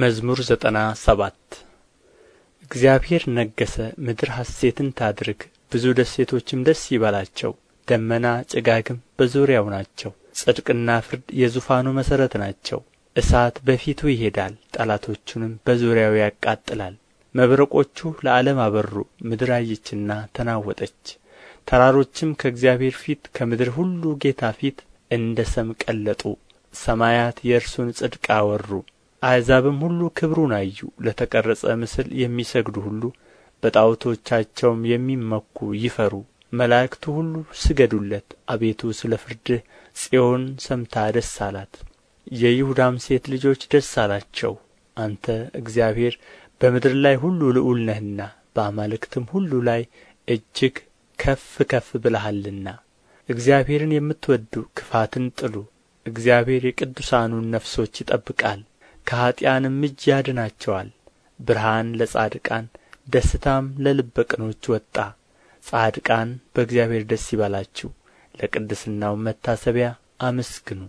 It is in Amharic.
መዝሙር ዘጠና ሰባት እግዚአብሔር ነገሠ፣ ምድር ሐሴትን ታድርግ፣ ብዙ ደሴቶችም ደስ ይበላቸው። ደመና ጭጋግም በዙሪያው ናቸው። ጽድቅና ፍርድ የዙፋኑ መሠረት ናቸው። እሳት በፊቱ ይሄዳል፣ ጠላቶቹንም በዙሪያው ያቃጥላል። መብረቆቹ ለዓለም አበሩ፣ ምድር አየችና ተናወጠች። ተራሮችም ከእግዚአብሔር ፊት ከምድር ሁሉ ጌታ ፊት እንደ ሰም ቀለጡ። ሰማያት የእርሱን ጽድቅ አወሩ፣ አሕዛብም ሁሉ ክብሩን አዩ ለተቀረጸ ምስል የሚሰግዱ ሁሉ በጣዖቶቻቸውም የሚመኩ ይፈሩ መላእክቱ ሁሉ ስገዱለት አቤቱ ስለ ፍርድህ ጽዮን ሰምታ ደስ አላት የይሁዳም ሴት ልጆች ደስ አላቸው አንተ እግዚአብሔር በምድር ላይ ሁሉ ልዑል ነህና በአማልክትም ሁሉ ላይ እጅግ ከፍ ከፍ ብለሃልና እግዚአብሔርን የምትወዱ ክፋትን ጥሉ እግዚአብሔር የቅዱሳኑን ነፍሶች ይጠብቃል ከኃጥኣንም እጅ ያድናቸዋል ብርሃን ለጻድቃን ደስታም ለልበ ቅኖች ወጣ ጻድቃን በእግዚአብሔር ደስ ይበላችሁ ለቅድስናውም መታሰቢያ አመስግኑ